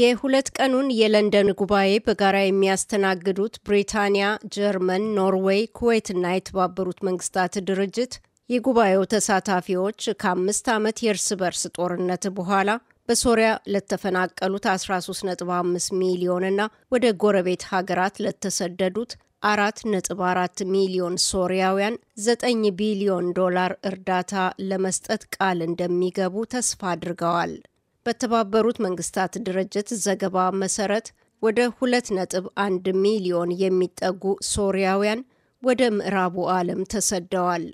የሁለት ቀኑን የለንደን ጉባኤ በጋራ የሚያስተናግዱት ብሪታንያ፣ ጀርመን፣ ኖርዌይ፣ እና የተባበሩት መንግስታት ድርጅት የጉባኤው ተሳታፊዎች ከአምስት ዓመት የእርስ በርስ ጦርነት በኋላ በሶሪያ ለተፈናቀሉት 13.5 ሚሊዮንና ወደ ጎረቤት ሀገራት ለተሰደዱት 4.4 ሚሊዮን ሶሪያውያን 9 ቢሊዮን ዶላር እርዳታ ለመስጠት ቃል እንደሚገቡ ተስፋ አድርገዋል። በተባበሩት መንግስታት ድርጅት ዘገባ መሰረት ወደ 2.1 ሚሊዮን የሚጠጉ ሶሪያውያን ወደ ምዕራቡ ዓለም ተሰደዋል።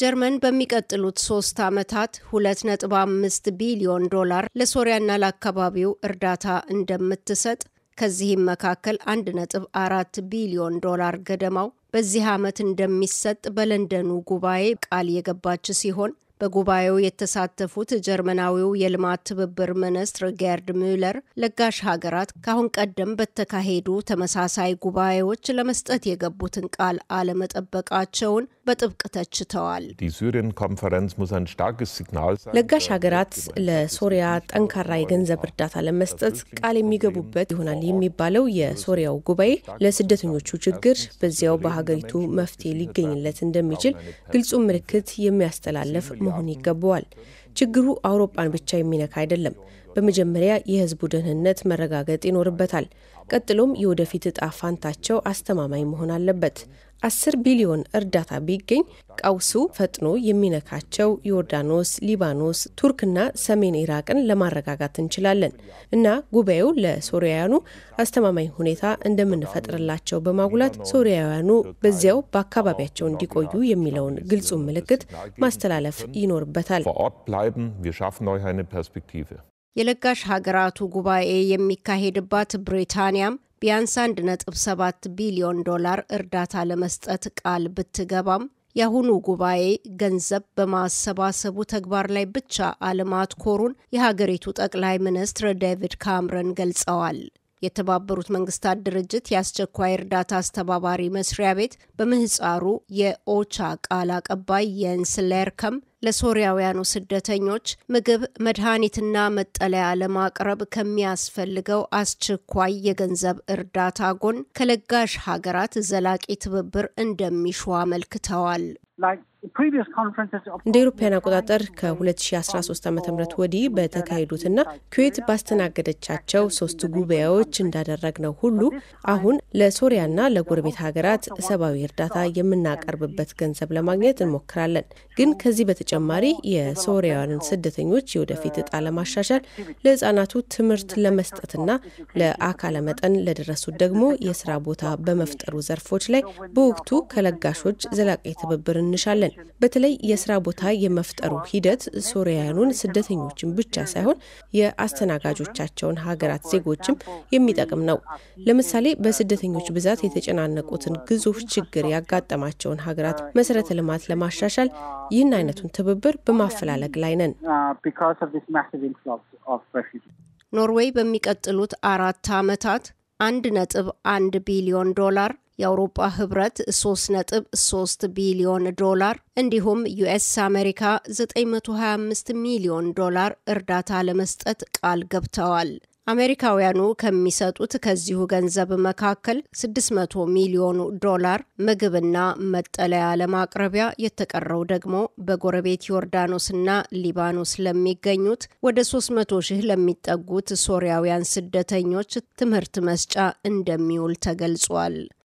ጀርመን በሚቀጥሉት ሶስት ዓመታት 2.5 ቢሊዮን ዶላር ለሶሪያና ለአካባቢው እርዳታ እንደምትሰጥ ከዚህም መካከል 1.4 ቢሊዮን ዶላር ገደማው በዚህ ዓመት እንደሚሰጥ በለንደኑ ጉባኤ ቃል የገባች ሲሆን በጉባኤው የተሳተፉት ጀርመናዊው የልማት ትብብር ሚኒስትር ጌርድ ሚለር ለጋሽ ሀገራት ከአሁን ቀደም በተካሄዱ ተመሳሳይ ጉባኤዎች ለመስጠት የገቡትን ቃል አለመጠበቃቸውን በጥብቅ ተችተዋል። ለጋሽ ሀገራት ለሶሪያ ጠንካራ የገንዘብ እርዳታ ለመስጠት ቃል የሚገቡበት ይሆናል የሚባለው የሶሪያው ጉባኤ ለስደተኞቹ ችግር በዚያው በሀገሪቱ መፍትሄ ሊገኝለት እንደሚችል ግልጹ ምልክት የሚያስተላለፍ መሆን ይገባዋል። ችግሩ አውሮፓን ብቻ የሚነካ አይደለም። በመጀመሪያ የህዝቡ ደህንነት መረጋገጥ ይኖርበታል። ቀጥሎም የወደፊት እጣ ፋንታቸው አስተማማኝ መሆን አለበት። አስር ቢሊዮን እርዳታ ቢገኝ ቀውሱ ፈጥኖ የሚነካቸው ዮርዳኖስ፣ ሊባኖስ፣ ቱርክና ሰሜን ኢራቅን ለማረጋጋት እንችላለን እና ጉባኤው ለሶሪያውያኑ አስተማማኝ ሁኔታ እንደምንፈጥርላቸው በማጉላት ሶሪያውያኑ በዚያው በአካባቢያቸው እንዲቆዩ የሚለውን ግልጹን ምልክት ማስተላለፍ ይኖርበታል። የለጋሽ ሀገራቱ ጉባኤ የሚካሄድባት ብሪታንያም ቢያንስ 1.7 ቢሊዮን ዶላር እርዳታ ለመስጠት ቃል ብትገባም የአሁኑ ጉባኤ ገንዘብ በማሰባሰቡ ተግባር ላይ ብቻ አለማትኮሩን የሀገሪቱ ጠቅላይ ሚኒስትር ዴቪድ ካምረን ገልጸዋል። የተባበሩት መንግስታት ድርጅት የአስቸኳይ እርዳታ አስተባባሪ መስሪያ ቤት በምህፃሩ የኦቻ ቃል አቀባይ የንስ ሌርከም ለሶሪያውያኑ ስደተኞች ምግብ፣ መድኃኒትና መጠለያ ለማቅረብ ከሚያስፈልገው አስቸኳይ የገንዘብ እርዳታ ጎን ከለጋሽ ሀገራት ዘላቂ ትብብር እንደሚሹ አመልክተዋል። እንደ አውሮፓውያን አቆጣጠር ከ2013 ዓ ም ወዲህ በተካሄዱትና ኩዌት ባስተናገደቻቸው ሶስት ጉባኤዎች እንዳደረግነው ሁሉ አሁን ለሶሪያና ለጎረቤት ሀገራት ሰብአዊ እርዳታ የምናቀርብበት ገንዘብ ለማግኘት እንሞክራለን። ግን ከዚህ በተጨ በተጨማሪ የሶሪያውያን ስደተኞች የወደፊት እጣ ለማሻሻል ለህጻናቱ ትምህርት ለመስጠትና ለአካለ መጠን ለደረሱት ደግሞ የስራ ቦታ በመፍጠሩ ዘርፎች ላይ በወቅቱ ከለጋሾች ዘላቂ ትብብር እንሻለን። በተለይ የስራ ቦታ የመፍጠሩ ሂደት ሶሪያውያኑን ስደተኞችን ብቻ ሳይሆን የአስተናጋጆቻቸውን ሀገራት ዜጎችም የሚጠቅም ነው። ለምሳሌ በስደተኞች ብዛት የተጨናነቁትን ግዙፍ ችግር ያጋጠማቸውን ሀገራት መሰረተ ልማት ለማሻሻል ይህን አይነቱን ትብብር በማፈላለግ ላይ ነን። ኖርዌይ በሚቀጥሉት አራት ዓመታት አንድ ነጥብ አንድ ቢሊዮን ዶላር የአውሮፓ ህብረት 3.3 ቢሊዮን ዶላር እንዲሁም ዩኤስ አሜሪካ 925 ሚሊዮን ዶላር እርዳታ ለመስጠት ቃል ገብተዋል። አሜሪካውያኑ ከሚሰጡት ከዚሁ ገንዘብ መካከል 600 ሚሊዮን ዶላር ምግብና መጠለያ ለማቅረቢያ የተቀረው ደግሞ በጎረቤት ዮርዳኖስና ሊባኖስ ለሚገኙት ወደ 300 ሺህ ለሚጠጉት ሶሪያውያን ስደተኞች ትምህርት መስጫ እንደሚውል ተገልጿል።